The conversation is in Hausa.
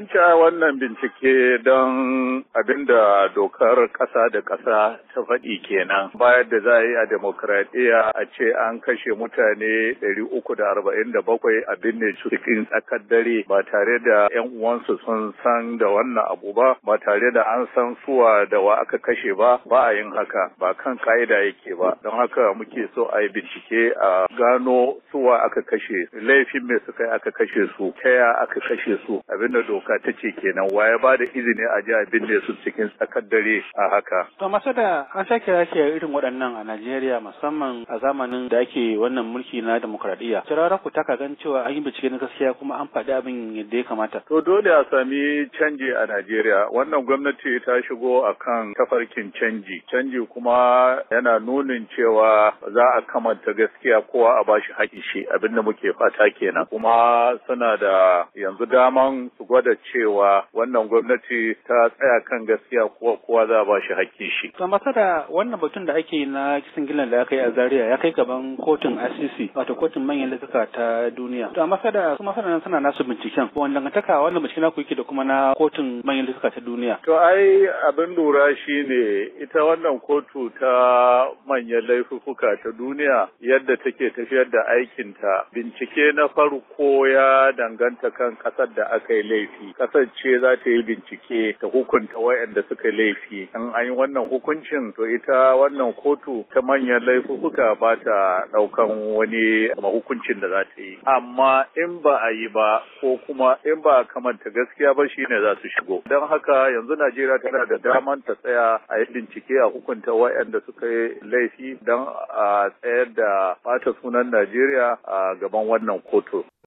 wanke wannan bincike don abin da dokar ƙasa da ƙasa ta faɗi kenan. Bayar da za a yi a demokradiyya a ce an kashe mutane 347 da arba'in da bakwai a binne cikin tsakar dare ba tare da 'yan uwansu sun san da wannan abu ba ba tare da an san suwa da wa aka kashe ba ba a yin haka ba kan ka'ida yake ba don haka muke so a yi bincike a gano suwa aka kashe laifin me suka yi aka kashe su ta aka kashe su abinda doka doka ta ce kenan ya ba da izini a ji abin da su cikin tsakar dare a haka. To masu da an sha kira irin waɗannan a Najeriya musamman a zamanin da ake wannan mulki na demokradiyya. Kirara ku taka gan cewa an yi bincike na gaskiya kuma an faɗi abin yadda ya kamata. To dole a sami canji a Najeriya. Wannan gwamnati ta shigo a kan tafarkin canji. Canji kuma yana nunin cewa za a kamanta gaskiya kowa a bashi haƙi shi abin da muke fata kenan. Kuma suna da yanzu daman su gwada cewa wannan gwamnati ta tsaya kan gaskiya kuwa kowa za a ba shi hakkin shi. Ambasada wannan batun da ake na kisan gilan da aka yi a Zariya ya kai gaban kotun ICC wato kotun manyan laifuka ta duniya. To sada su masana suna nasu binciken wanda dangantaka wannan bincike ku yake da kuma na kotun manyan laifuka ta duniya. To ai abin lura shi ne ita wannan kotu ta manyan laifuka ta duniya yadda take tafiyar da aikinta bincike na farko ya danganta kan ƙasar da aka yi laifi. laifi kasar ce za ta yi bincike ta hukunta wayanda suka laifi in an yi wannan hukuncin to ita wannan kotu ta manyan laifuka ba ta ɗaukan wani hukuncin da za ta yi amma in ba a yi ba ko kuma in ba a kamanta gaskiya ba shine za su shigo don haka yanzu najeriya tana da daman ta tsaya a yi bincike a hukunta wayanda suka yi laifi don a tsayar da bata sunan najeriya a gaban wannan kotu